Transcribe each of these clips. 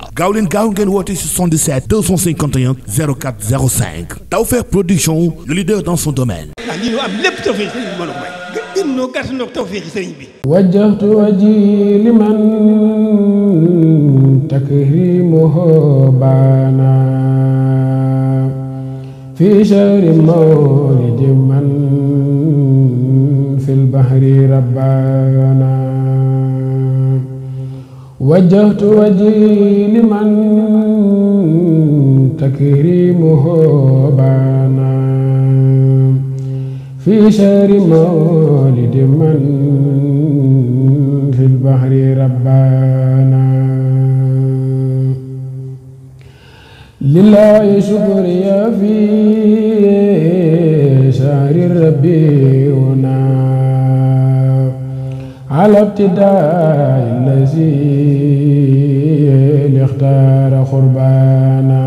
waaw gaaw leen gaaw ngeen Production le leader dans son domaine. ah lii ñu am lépp tawfeex sëriñ bi mën a may. gën noo gàtt noo tawfeex sëriñ bi. fi shahri mawlidi وجهت وجهي لمن تكريمه بانا في شهر مولد من في البحر ربانا لله شكري في شهر ربينا على ابتداء الذي اختار قربانا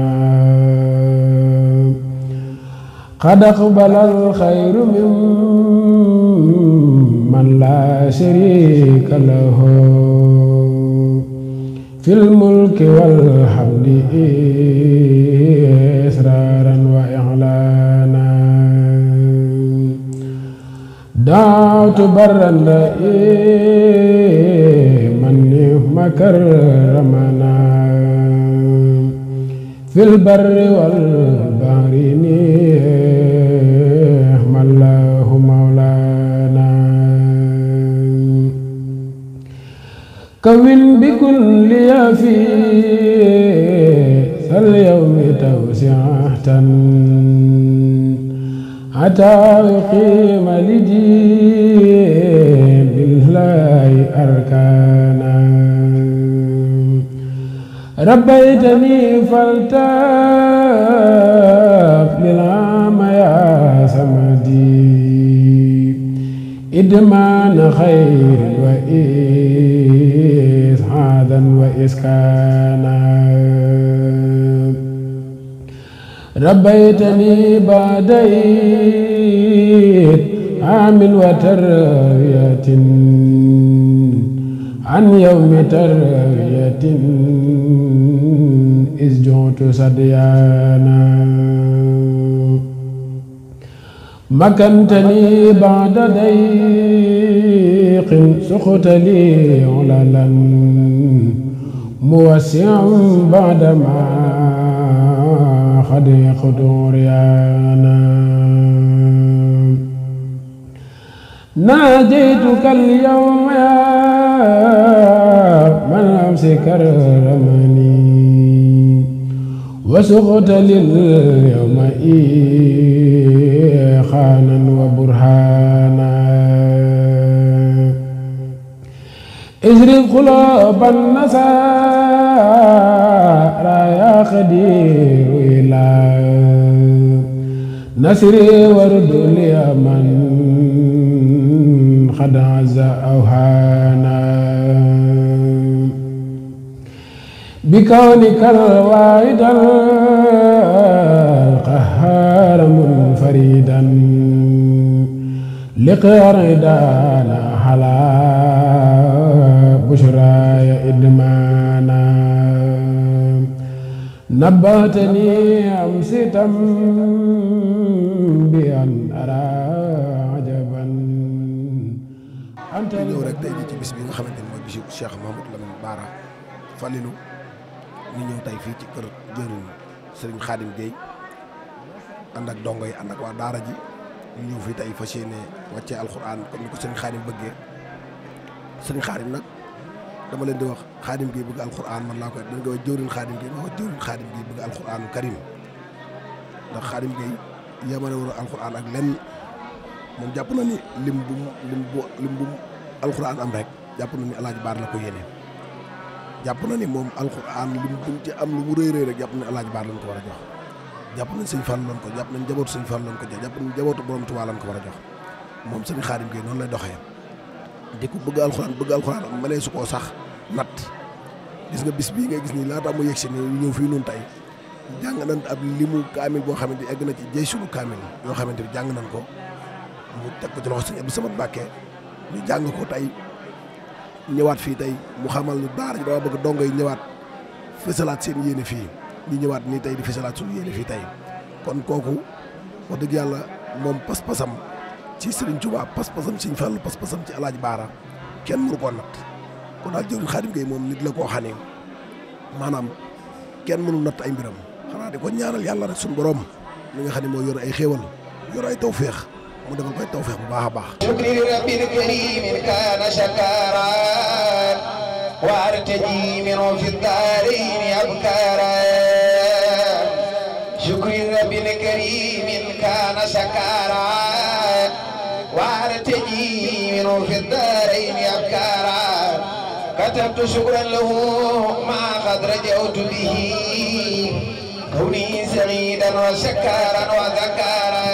قد أقبل الخير ممن لا شريك له في الملك والحمد إسرارا وإعلانا دعوت برا رئيس مني مكرمنا في البر والبحر نعم الله مولانا كون بكل يا في اليوم توسعة حتى يقيم لدين الله أركانا ربيتني فالتاف للعام يا سمدي إدمان خير وإسعادا وإسكانا ربيتني بعديت عامل وتربية عن يوم تربية إذ جعت صديانا مكنتني بعد ضيق سقت لي عللا موسع بعد ما الحديق طغيانا ناجيتك اليوم يا من أمسك رمني وسقط لليوم إيخانا وبرهانا اشرب قلوب النصارى يا خدير إلى نصري ورد لي من قد عز أوهانا بكونك الواحد القهار منفردا لقردانا حلال بشراي إدمانا نبهتني أمس تم بأن أرى عجبا أنت ñëw rek tey jii ci bis bi nga xamante ni mooy bisu Cheikh Mouhamadou Lamine Bara Falilou ñu ñëw tey fii ci kër jëriñ Serigne Khadim Gueye ànd ak dongo yi ànd ak waa daara ji ñu ñëw fii tey fas yéene wàccee alxuraan comme ni ko Serigne Khadim bëggee Serigne Khadim nag. dama leen di wax xaadim gi bëgg alxuraan man laa koy dañ koy wax jëwriñ xaadim gi ma wax jëwriñ xaadim gi bëgg alxuraanu karim ndax xaadim gi yemale woon alxuraan ak lenn moom jàpp na ni lim bu lim bu lim alxuraan am rek jàpp na ni alaaji baar la ko yéene jàpp na ni moom alxuraan lim buñ ci am lu mu rëy rëy rek jàpp na ni alaaji baar lañ ko war a jox jàpp nañ sëñ Fall lañ ko jàpp nañ jabootu sëñ Fall lañ ko jox jàpp nañ jabootu borom Tuubaa lañ ko war a jox moom sëñ xaadim gi noonu lay doxee di ko bëgg alxuraan bëgg alxuraan mënee su koo sax nat gis nga bis bii nga gis nii laata mu yegg si nii ñëw fii nun tey jàng nañ ab limu kaamil boo xamante egg na ci jëy sunu yoo xamante bi jàng nañ ko mu teg ko ci loxo sëñ Abdou Samad Mbàkke ñu jàng ko tey ñëwaat fii tey mu xamal ñu daara ji dama bëgg dongo yi ñëwaat salaat seen yéene fii ñu ñëwaat nii tey di fësalaat suñu yéene fii tey kon kooku wax dëgg yàlla moom pas-pasam ci Serigne Touba pas-pasam Serigne Fall pas-pasam ci alaaj Baara kenn mënu koo natt kon daal jëwriñ Xaadim moom nit la koo xam maanaam kenn mënu natt ay mbiram xanaa di ko yàlla rek suñu borom lu nga xam ne moo yor ay xéewal yor ay tawféex mu defal koy tawféex bu baax a baax shukri li rabbil kaana shakaran wa artaji min fi daarayni abkaran أردت شكرا له ما قد رجعت به كوني سعيدا وشكارا وذكارا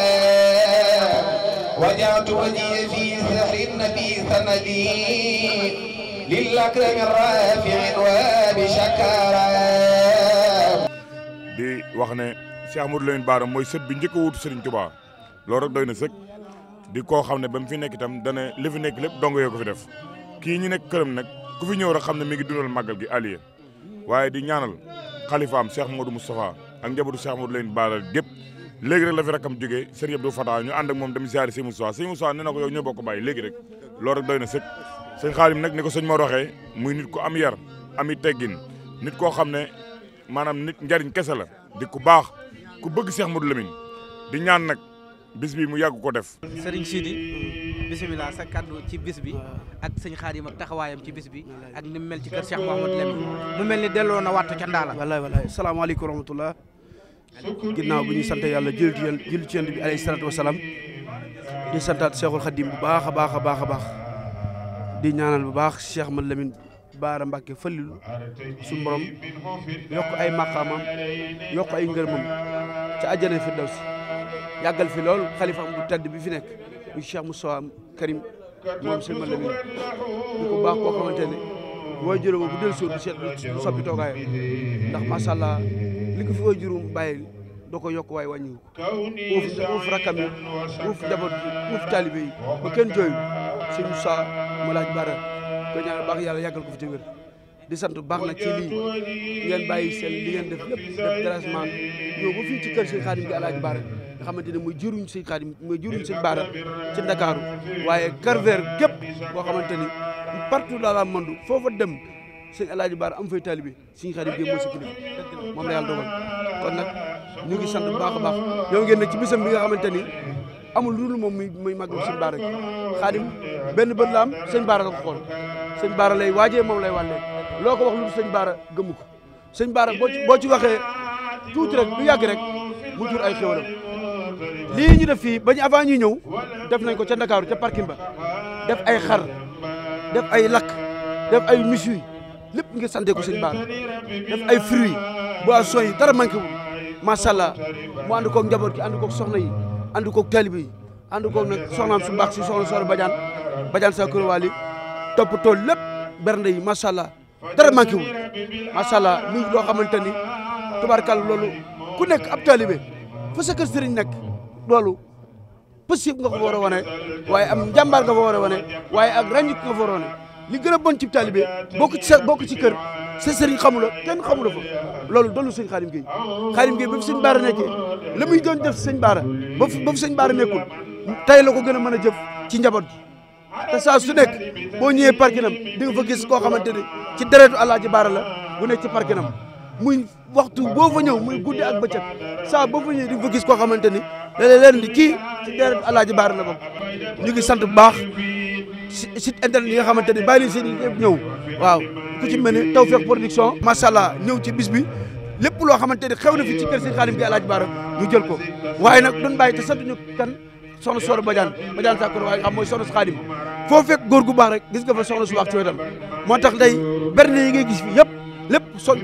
وجعت وجهي في سحر النبي سندي للأكرم الرافع وبشكارا di wax ne Cheikh Amadou Lamine Bara mooy sët bi njëkk a wuutu Serigne Touba loolu rek doy na sëkk di koo xam ne ba mu fi nekk itam dana li fi nekk lépp dong yoo ko fi def kii ñu nekk këram nag ku fi ñëw rek xam ne mi ngi dundal màggal gi allié waaye di ñaanal xalifaam Cheikh Modou a ak njabootu Cheikh Modou leen baalal gépp léegi rek la fi rakam jógee Serigne Abdou Fata ñu ànd ak moom dem ziare Serigne Moustapha Serigne Moustapha nee na ko yow ñoo bokk bàyyi léegi rek loolu rek doy na sëkk sëñ Xaalim nag ni ko sëñ Mor waxee muy nit ku am yar ami teggin nit koo xam ne maanaam nit njariñ kese la di ku baax ku bëgg Cheikh Modou Lamine di ñaan nag bis bi mu yàgg ko def. Serigne Sidi bisimilah sa kaddu ci bis bi ak sëñ Xaadim ak taxawaayam ci bis bi ak ni mu mel ci kër Cheikh Mouhamad Lamine mu mel ni delloo na wattu ca ndaala. wallaay wallaay salaamaaleykum wa rahmatullah ñu sant yàlla jël ci jël bi alayhi salaatu wa salaam di santaat Cheikhul Khadim bu baax a baax a baax a baax di ñaanal baax Cheikh ma Lamine Baara Mbacke fëlilu suñu borom yokk ay maqaamam yokk ay ngërmam ca àjjana firdawsi yàggal fi lool xalifaam bu bi fi nekk muy Cheikh Moussa Karim moom si man la ñu di ko baax koo xamante ne waay bu del sóor du ndax macha allah li ko fi waay juróom bàyyi doo ko yokk waaye wàññiwu ko uuf uuf rakkam yi uuf jabar uuf taalibe yi ba kenn di sant bu baax nag ci lii ngeen bàyyi seen li ngeen def lépp def dressement ñëw ba fii ci kër Sëñ Xaadim bi Alaaji Baara nga xamante ne mooy jëruñ Sëñ Xaadim mooy jëruñ Sëñ Baara ci Ndakaaru waaye carver gépp boo xamante ni partout dans le monde foofa dem Sëñ Alaaji Baara am fay taalibe Sëñ Xaadim bi mooy si kilifa moom la yàlla dogal kon nag ñu ngi sant baax baax ñoo ngeen ne ci bisam bi nga xamante ni amul lu dul moom muy muy màggal Sëñ Baara Xaadim benn bët la am Sëñ Baara la ko xool Sëñ Baara lay waajee moom loo ko wax lu sëñ Baara gëmu ko sëñ Baara boo ci boo ci waxee tuuti rek lu yàgg rek mu jur ay xéwalam lii ñu def fii bañ avant ñuy ñëw def nañ ko ca Ndakaaru ca parking ba def ay xar def ay lakk def ay misui lépp ngir sante ko sëñ Baara def ay fruits boissons yi dara manqué wu macha allah mu ànd koog njaboot gi ànd koog soxna yi ànd koog taalibe yi ànd koog nag soxnaam su mbaax si soxna soxna Badiane Badiane sa kuréel waali toppatoo lépp bernde yi macha allah dara manqué wul macha allah loo xamante ni tubarkal loolu ku nekk ab taalibe fa sa kër sëriñ nekk loolu possible nga ko war a wane waaye am njàmbaar nga fa war a wane waaye ak ràññik nga fa war a wane li gën a bon ci taalibe bokk ci sa bokk ci kër sa sëriñ xamula kenn xamula fa loolu doonul sëñ Xaadim Gueye Xaadim Gueye ba fi sëñ Baara nekkee la muy doon def sëñ Baara ba fi ba fi sëñ tey la ko gën a mën a jëf ci njaboot gi te saa su nekk boo ñëwee parkinam di nga gis koo xamante ne ci deretu Alaaji Baara la bu nekk ci parkinam muy waxtu boo fa ñëw muy guddi ak bëccëg saa boo fa ñëw di nga fa gis koo xamante ni léeg-léeg leen di kii ci deretu Alaaji Baara la ñu ngi sant bu baax si internet yi nga xamante ni bàyyi leen ñëw waaw ku ci mel ne Tawfekh Production macha ñëw ci bis bi lépp loo xamante ni xew na fi ci kër Serigne Khadim gi Alaaji Baara ñu jël ko waaye nag duñ baay te sant ñu kan soxna Soore Badiane Badiane Sakkour waaye xam mooy soxna Khadim foo fekk góor gu baax rek gis nga fa soxna su baax ci wetam moo tax day berne yi ngay gis fi yëpp lépp so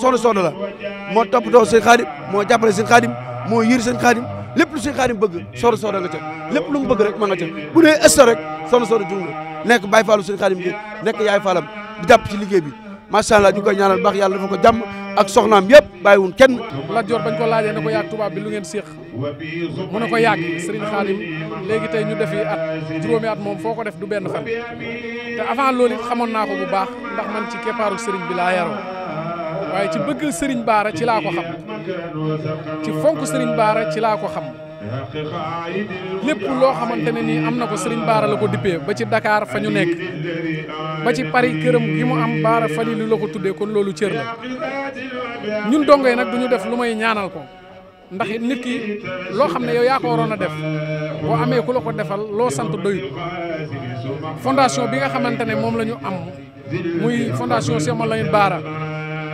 soxna soxna la moo toppatoo seen xaadim moo jàppale seen xaadim moo yiir seen xaadim lépp lu seen xaadim bëgg soxna soxna nga ca lépp lu mu bëgg rek ma nga ca bu dee ësta rek soxna soxna juum nekk bàyyi faalu seen xaadim gi nekk yaay faalam di jàpp ci liggéey bi macha allah ñu koy ñaanal baax yàlla dafa ko jàmm ak soxnaam yëpp bàyyiwun kenn Lat Joor bañ ko laajee ne ko yaag tubaab bi lu ngeen séeq mu ne ko yaag Serigne Khadim léegi tey ñu defi at juróomi at moom foo ko def du benn fan te avant loolu xamoon naa ko bu baax ndax man ci keppaaru Serigne bi laa waaye ci bëgg Serigne Baara ci laa ko xam ci fonk Serigne Baara ci laa ko xam lépp loo xamante ne nii am na ko Serigne Baara la ko dippee ba ci dakaar fa ñu nekk ba ci pari këram gi mu am Baara Falilou la ko tuddee kon loolu cër la ñun dongo yi nag duñu def lu may ñaanal ko ndax nit ki loo xam ne yow yaa ko waroon a def boo amee ku la ko defal loo sant doyut fondation bi nga xamante ne moom la ñu am muy fondation Cheikh Mawlana Bara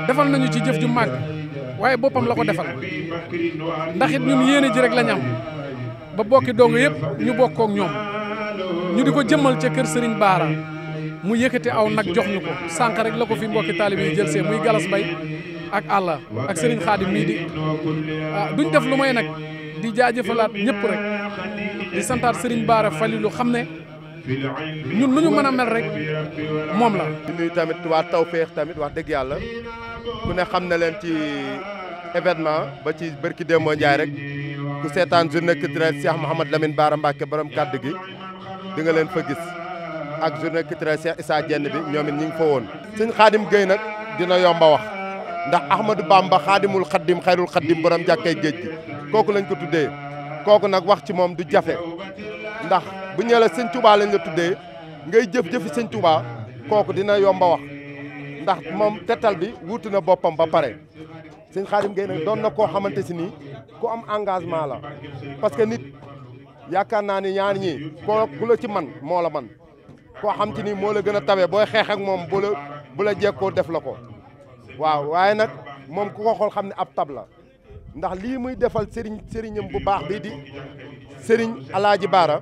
defal nañu ci jëf ju màgg. waaye boppam la ko defal ndax it ñun yéene ji rek lañ am ba bokki dong yëpp ñu bokkook ñoom ñu di ko jëmmal ca kër Serigne Baara mu yëkkati aw nag jox ñu ko sànq rek la ko fi mbokki taalibe yi jël see muy galas bay ak àlla ak Serigne Khadim mii di ah, duñ def lu may nag di jaajëfalaat ñëpp rek di santaat Serigne Baara Falilu xam ne ñun lu ñu mën a mel rek moom la. di nuyu tamit waa Tawfeex tamit wax dëgg yàlla. ku ne xam na leen ci événement ba ci bërki démboo Ndiaye rek ku seetaan journée culturelle Cheikh Mouhamad Lamine Bara Mbacké borom kàddu gi di nga leen fa gis ak journée culturelle Cheikh Issa bi ñoom it ñi ngi fa woon. sëñ Xaadim Gueye dina yomba wax ndax Ahmadou Bamba xaadimul xaddim xayrul xaddim borom jàkkay géej gi kooku lañ ko tuddee kooku nag wax ci moom du jafe ndax bu ñëwee la sëñ Touba lañ la tuddee ngay jëf jëfi sëñ Touba kooku dina yomba wax. ndax moom tettal bi wuutu na boppam ba pare sëñ Xaadim Gueye nag doon na koo xamante si nii ku am engagement la parce que nit yaakaar naa ni ñaar ñii koo ku ci man moo la man koo xam ci ni moo la gën a tawee booy xeex moom bu la bu jekkoo def la ko waaw waaye nag moom ku ko xam ne ab tab la ndax lii muy defal sëriñ sëriñam bu baax bii di sëriñ Alaaji Baara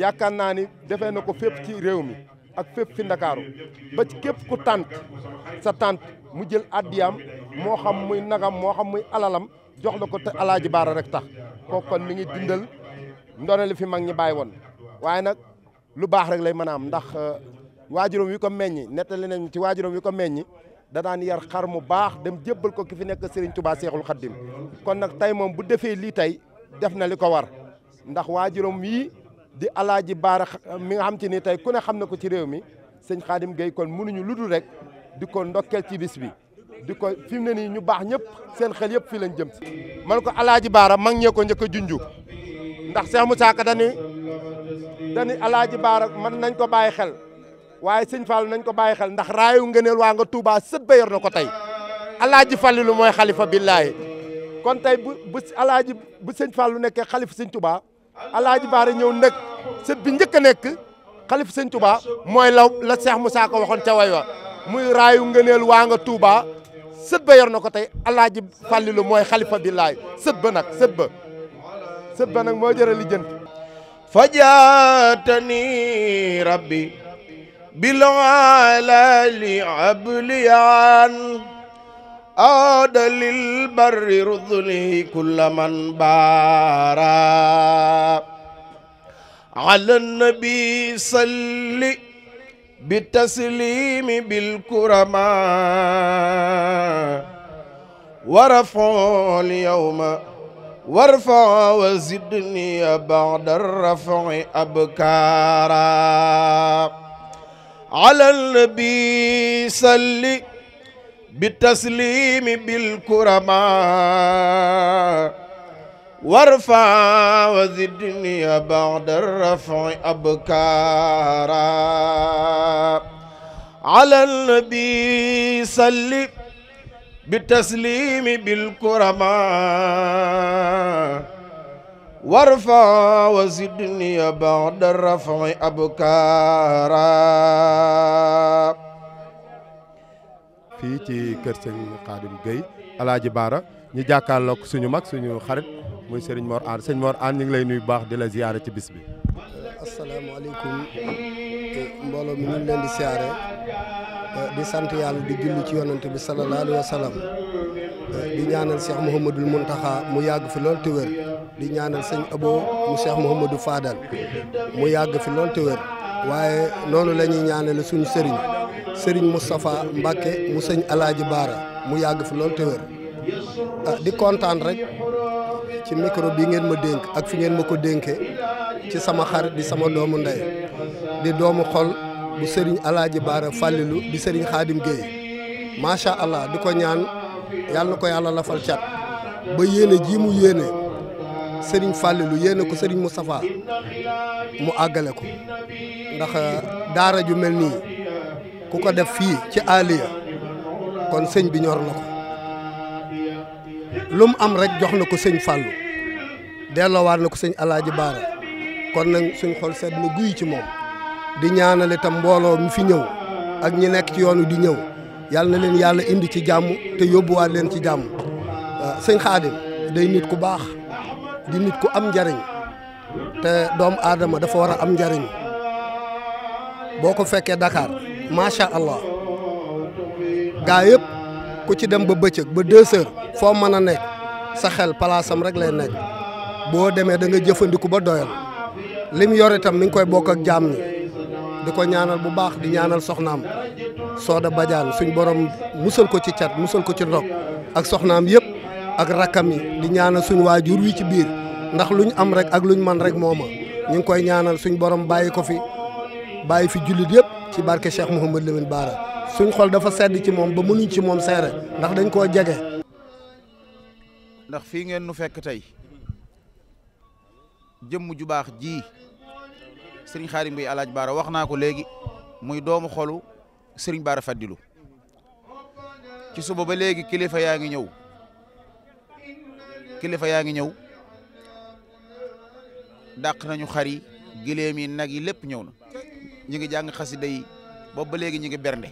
yaakaar naa ni defee na ko fépp ci réew mi ak fépp fi ndakaaru ba ci képp ku tànt sa tànt mu jël addiyaam moo xam muy nagam moo xam muy alalam jox la ko te alaaji baara rek tax kooku kon mi ngi dindal ndone li fi mag ñi bàyyi woon waaye nag lu baax rek lay mën a am ndax uh, waajuram wi ko meññi nettali nañ ci waajuram wi ko meññi da daan yar xar mu baax dem jébbal ko ki fi nekk Serigne Touba Seexul Xaddim kon nag tey moom bu defee lii tey def na li ko war ndax waajuram yii di alaaji baara mi nga xam te ni tey ku ne xam na ko ci réew mi sëñ Xaadim Gueye kon mënuñu ludul rek di ko ndokkeel ci bis bi di ko fi mu ne nii ñu baax ñëpp seen xel yëpp fii lañ jëm si. man ko alaaji baara mag ñee ko njëkk a junju ndax Cheikh Moussa Ka dañuy baara man nañ ko bàyyi xel waaye sëñ Fall nañ ko bàyyi xel ndax raayu ngëneel waa nga Touba sët ba yor na ko tey alaaji Fallilu mooy xalifa billaahi kon tey bu bu alaaji bu sëñ Fallu nekkee xalifa sëñ Touba alaaji baara ñëw nag sët bi njëkk a nekk xalif sëñ mooy la la Cheikh Moussa ko waxoon ca way muy raayu ngëneel waa nga Touba sët ba yor na ko tey alaaji fàllilu mooy xalifa bi laay sët ba nag sët nag moo jëra li jënt fajaatani rabbi bil alali abliyan عاد للبر رذلي كل من بارا على النبي صل بالتسليم بالكرماء ورفع اليوم وارفع وزدني بعد الرفع أبكارا على النبي صلِّ bi tasliimi bil kurama warfa wa zidni ba'da rafi abkara ala nabi salli bi tasliimi bil kurama warfa wa zidni ba'da rafi abkara fii ci kër sëñ Xaadim Gueye Alaaji Baara ñu jàkkaarloog suñu mag suñu xarit muy sëriñ Mor Aan sëñ Mor Aan ñu ngi lay nuyu bu baax di la ziyaare ci bis bi. Euh, asalaamaaleykum euh, mbooloo mi ñu leen di siyaare euh, di sant yàlla di julli ci yonent bi salallaahu alayhi wa salaam di ñaanal Cheikh Mouhamadul Mountakha mu yàgg fi lool te wér di ñaanal sëñ Abo mu Cheikh Mouhamadou Fadal mu yàgg fi loolu te wér. waaye noonu la ñuy ñaanale suñu sëriñ sëriñ Moustapha Mbacke mu sëñ Alaaji Baara mu yàgg fi loolu te wér ah, di kontaan rek ci micro bi ngeen ma dénk ak fi ngeen ma ko dénke ci sama xarit di sama doomu ndey di doomu xol bu sëriñ Alaaji Baara Fàllilu di sëriñ Xaadim Géey macha allah di ko ñaan yàlla na ko yàlla lafal cat ba yéene mu yéene sëriñ Fallilou yéene ko Serigne Moustapha mu àggale ko ndax euh, daara ju mel nii ku ko def fii ci aliya kon sëñ bi ñor na ko am rek jox na ko sëñ Fallou delloowaat na ko sëñ Alaaji Baara kon nag suñ xol sedd na guy ci moom di ñaanal itam mbooloo mu fi ñëw ak ñi nekk ci yoonu di ñëw yàlla na leen yàlla indi ci jàmm te yóbbuwaat leen ci jàmm euh, sëñ day nit ku baax di nit ku am njariñ te doomu aadama dafa war a am njariñ boo ko fekkee dakaar macha allah gaa yëpp ku ci dem ba bëcëg ba deux foo mën a nekk sa xel palaasam rek lay nekk boo demee da nga jëfandiku ba doyal lim yor itam mi ngi koy bokk ak jaam ñi di ko ñaanal bu baax di ñaanal soxnaam Soda Badiane suñ borom musal ko ci cat musal ko ci ndog ak soxnaam yëpp ak rakkam yi di ñaanal suñ waajur wi ci biir ndax luñ am rek ak luñ man rek moo ma ñu ngi koy ñaanal suñ borom bàyyi ko fi bàyyi fi jullit yëpp ci barke Cheikh Mouhamed Lamine Bara suñ xol dafa sedd ci moom ba mënuñ ci moom seere ndax dañ koo jege. ndax fii ngeen nu fekk tey jëmm ju baax ji sëriñ Xaadim bi alaaj Baara wax naa ko léegi muy doomu xolu sëriñ Baara Faddilu ci suba ba léegi kilifa yaa ngi ñëw kilifa yaa ngi ñëw. dàq nañu xar yi giléem yi nag yi lépp ñëw na ñu ngi jàng xasida yi boobu ba léegi ñu ngi bernde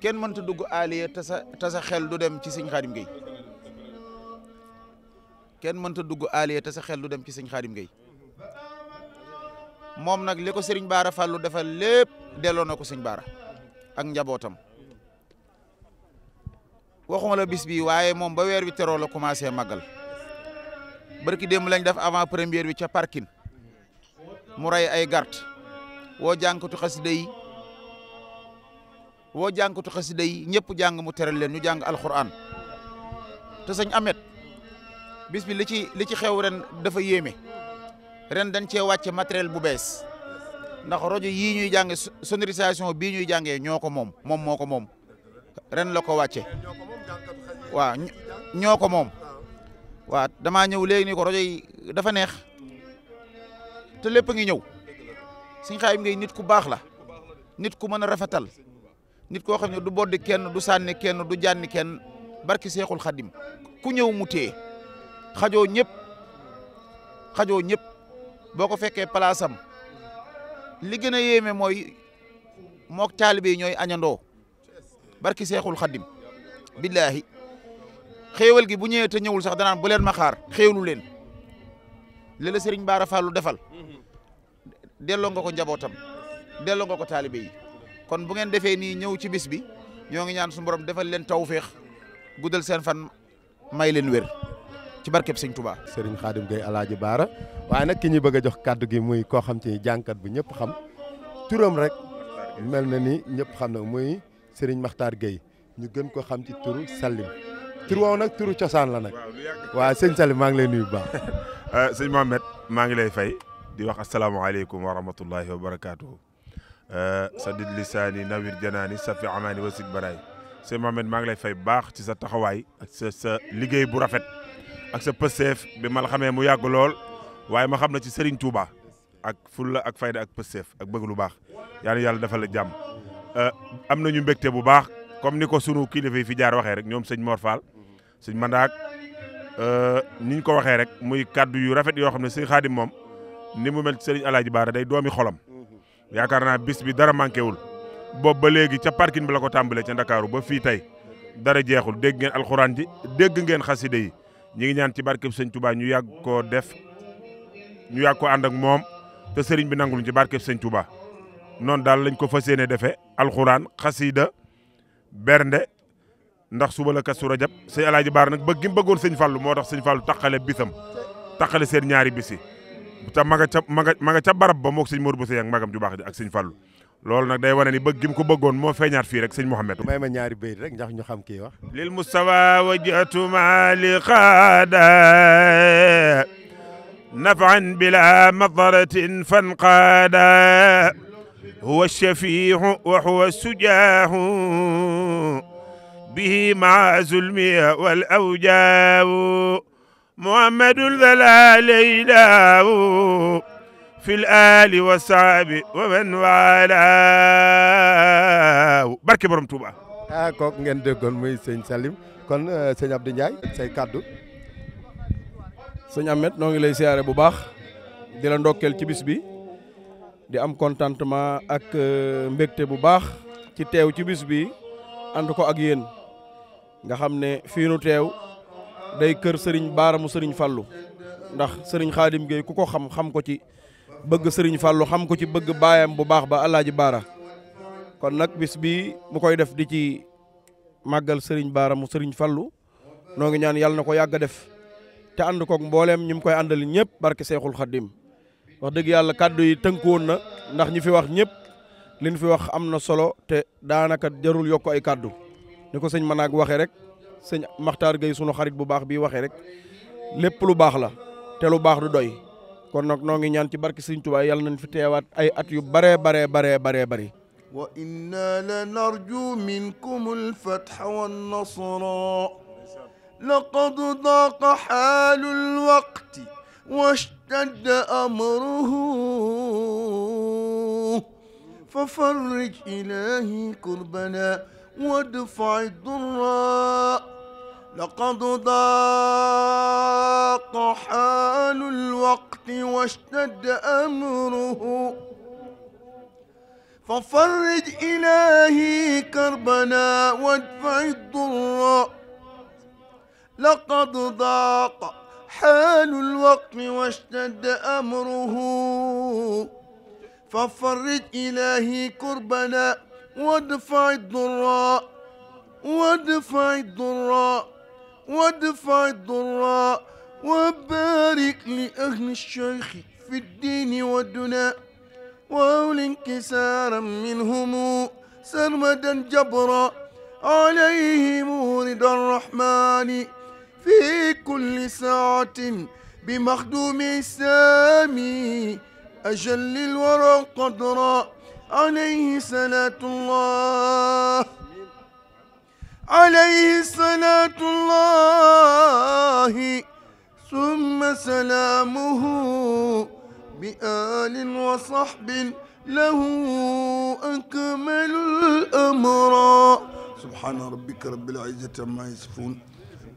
kenn mënta dugg aaliya te sa xel du dem ci sëñ Xaadim Gueye kenn mënta dugg aaliya te sa xel du dem ci sëñ Xaadim Gueye moom nag li ko sëriñ Baara Fàllu defal lépp delloo na ko sëñ Baara ak njabootam waxuma la bis bi waaye moom ba weer wi teroo la commencé màggal barki démb lañ def avant première wi ca parking mu rey ay gàtt woo jànkatu xasida yi woo jànkatu xasida yi ñëpp jàng mu teral leen ñu jàng alxuraan te sëñ Amet bis bi li ci li ci xew ren dafa yéeme ren dañ cee wàcce matériel bu bees ndax rajo yii ñuy jànge sonorisation bii ñuy jàngee ñoo ko moom moom moo ko moom ren la ko wàcce waaw ko moom waaw damaa ñëw léegi ni ko rajo yi dafa neex te lépp a ngi ñëw Sëñ Xaadim ngay nit ku baax la nit ku mën a rafetal nit koo xam ne du bodd kenn du sànni kenn du jànni kenn barki Seexul Xaadim ku ñëw mu téye xajoo ñëpp xajoo ñëpp boo ko fekkee palaasam li gën a yéeme mooy mook taalibe ñooy añandoo barki Seexul Xaadim billaahi xéewal gi bu ñëwee te ñëwul sax danaan bu leen ma xaar xéewlu leen li sëriñ baara Bara defal delloo nga ko njabootam delloo nga ko taalibe yi kon bu ngeen defee nii ñëw ci bis bi ñoo ngi ñaan suñu borom defal leen tawféex guddal seen fan may leen wér ci barkeb Sëñ Touba. Serigne Khadim Gueye Alaaji Baara waaye nag ki ñu bëgg a jox kàddu gi muy koo xam ci jànkat bu ñépp xam turam rek mel na ni ñëpp xam na muy sëriñ maxtaar Gueye ñu gën ko xam ci turu Salim. tur woowu nag turu cosaan la nag. waaw sëñ Salim maa ngi lay nuyu bu baax. Eh, sëñ Mohamed maa ngi lay fay di wax asalaamaaleykum wa rahmatullahi wa barakaatu. Eh, sadid lisaani nawir janaani safi amaani wasid baraay sëñ Mohamed maa ngi lay fay bu baax ci sa taxawaay sa sa liggéey bu rafet ak sa pësteef bi ma xamee mu yàgg lool waaye ma xam na ci Serigne Touba ak fulla ak fayda ak pësteef ak bëgg lu baax yaa yàlla defal la jàmm eh, am ñu mbégte bu baax comme ni ko sunu kilifa yi fi jaar waxee rek ñoom sëñ Mor sëñ Mandaak euh, ni ñu ko waxee rek muy kàddu yu rafet yoo xam ne sëñ Xaadim moom ni mu mel ci sëriñ Alaaji Baara day doomi xolam yaakaar naa bis bi dara manqué wul boobu ba léegi ca parkin bi la ko tàmbalee ca Ndakaaru ba fii tey dara jeexul dégg ngeen alxuraan ji dégg ngeen xaside yi ñi ngi ñaan ci barkeb sëñ Touba ñu yàgg koo def ñu yàgg ko ànd ak moom te sëriñ bi nangul ci barkeb sëñ Touba noonu daal lañ ko fas yéene defee alxuraan xasida bernde ndax suba la Kazu Rajab sëñ Alaaji Baar nag ba gi mu bëggoon sëñ Fallu moo tax sëñ Fallu taqale bisam taqale seen ñaari bisi te ma nga ca ma ma ca barab ba moog sëñ Mor Bousso ak magam ju baax ji ak sëñ Fallu loolu nag day wane ni bëgg ko bëggoon moo feeñaat fii rek sëñ Mouhamed may ma ñaari béy rek ndax ñu xam kii wa lil mustafa wajhatu maali qaada nafan bila madaratin fan qaada huwa shafiihu wa huwa sujaahu به مع زلمي والأوجاء محمد ذلا ليلى في الآل والصحب ومن والاه barke borom Touba ah kooku ngeen déggoon muy sëñ Salim kon euh, sëñ Abdou Ndiaye say kaddu sëñ Ahmed noo ngi lay siyaare bu baax di la ci bis bi di am contentement ak euh, mbegte bu baax ci teew ci bis bi ànd ko ak yéen nga xam ne fii nu teew day kër sëriñ mu sëriñ fallu ndax sëriñ xaadim géey ku ko xam xam ko ci bëgg sëriñ fallu xam ko ci bëgg baayam bu baax ba alaaji baara kon nag bis bii mu koy def di ci màggal sëriñ mu sëriñ fallu noo ngi ñaan yàlla na ko yàgg def te ànd kook mbooleem ñi mu koy àndal ñëpp barke seexul xaddim wax dëgg yàlla kàddu yi tënku woon na ndax ñi fi wax ñëpp liñ fi wax am na solo te daanaka jarul yokk ay kàddu ni ko sëñ Manaak waxee rek sëñ Maxtaar Gueye sunu xarit bu baax bii waxee rek lépp lu baax la te lu baax du doy kon nag noo ngi ñaan ci barki sëñ Tuubaa yàlla nañ fi teewaat ay at yu baree bare bare bare bëri wa inna la narju minkum alfatha wannasra laqad daaqa xaalu alwaqti washtadda amruhu fa farrij ilahi kurbana وادفع الضراء لقد ضاق حال الوقت واشتد أمره ففرج إلهي كربنا وادفع الضر لقد ضاق حال الوقت واشتد أمره ففرج إلهي كربنا وادفع الضراء وادفع الضراء وادفع الضراء وبارك لأهل الشيخ في الدين والدنا وأول انكسارا منهم سرمدا جبرا عليه مورد الرحمن في كل ساعة بمخدوم السامي أجل الورى قدرا عليه صلاة الله عليه صلاة الله ثم سلامه بآل وصحب له أكمل الأمر سبحان ربك رب العزة عما يصفون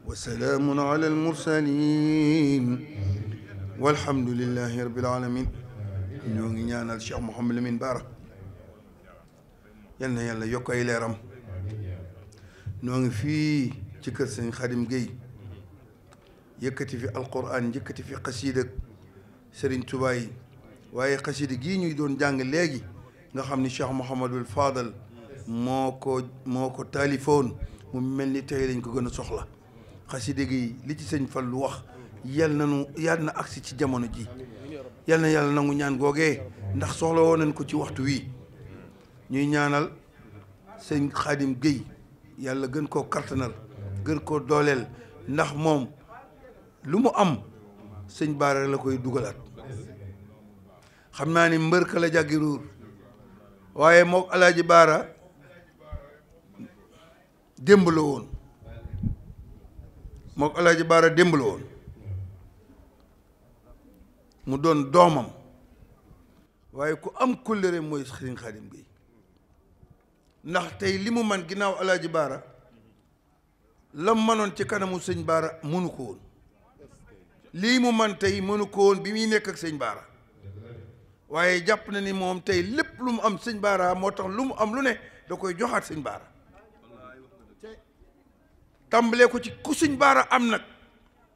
وسلام على المرسلين والحمد لله رب العالمين ñoo ngi ñaanal Cheikh Mouhamadou Lamine Bara yal na yàlla yokk ay leeram noo ngi fii ci kër sëñ Xadim Guèye yëkkati fi alquran yëkkati fi xasiid ak Sëriñ Tuubaa yi waaye xasiid gii ñuy doon jàng léegi nga xam ni Cheikh Mouhamadul Fadal moo ko moo ko taalifoon mu mel ni tey lañ ko gën a soxla xasiid gi li ci sëñ lu wax yal na nu yal na agsi ci jamono ji yal na yàlla nangu ñaan googee ndax soxla woon nañ ko ci waxtu wi ñuy ñaanal sëñ Xaadim Guèye yàlla gën koo kartanal gën koo dooleel ndax moom lu mu am sëñ Baara la koy dugalaat xam naa ni mbër ka la jàggi ruur waaye mook Alaaji Baara démb la woon mook Alaaji Baara démb la woon mu doon doomam waaye ku am kóllëre mooy sëñ Xaadim Guèye ndax tey li mu man ginnaaw alaaji baara la manoon ci kanamu sëñ baara mënu koo woon lii mu man tey mënu ko woon bi muy nekk ak sëñ baara waaye jàpp na ni moom tey lépp lu mu am sëñ baara moo tax lu mu am lu ne da koy joxaat sëñ baara tàmbalee ko ci ku sëñ baara am nag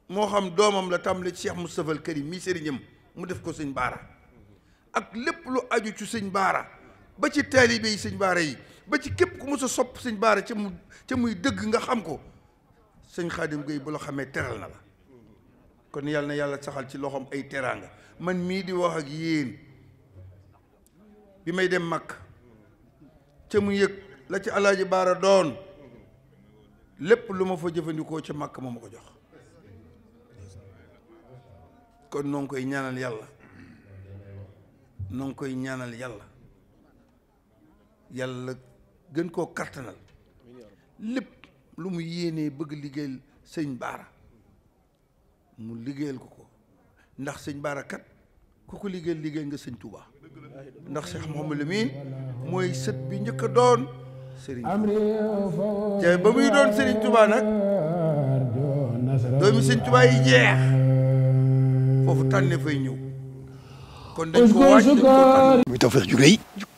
moo xam doomam la tàmbalee ci Cheikh Moustapha al Karim mii sëriñam mu def ko sëñ baara ak lépp lu aju ci sëñ baara ba ci taalibe yi sëñ baara yi ba képp ku mos a sopp sëñ baara ca mu ca muy dëgg nga xam ko sëñ xaadim Gueye bu la xamee teral na la kon yàlla na yàlla saxal ci loxoom ay teraanga man mii di wax ak yéen bi may dem mag ca mu yëg la ci alaaji baara doon lépp lu ma fa jëfandikoo ci màkk ma ma ko jox kon noo ngi koy ñaanal yàlla noo ngi koy ñaanal yàlla yàlla gën koo kattanal lépp lu mu yéenee bëgg liggéeyal sëñ baara mu liggéeyal ko ko ndax sëñ baara kat ku ko liggéeyal liggéey nga sëñ Touba ndax Cheikh Mouhamadou Lamine mooy sët bi njëkk a doon Serigne te ba muy doon Serigne Touba nag doomi sëñ Touba yi jeex foofu tànne fay ñëw kon dañ ko waaj dañ muy tawfeex ju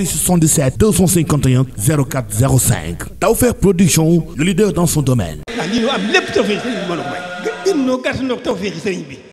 woote 77 251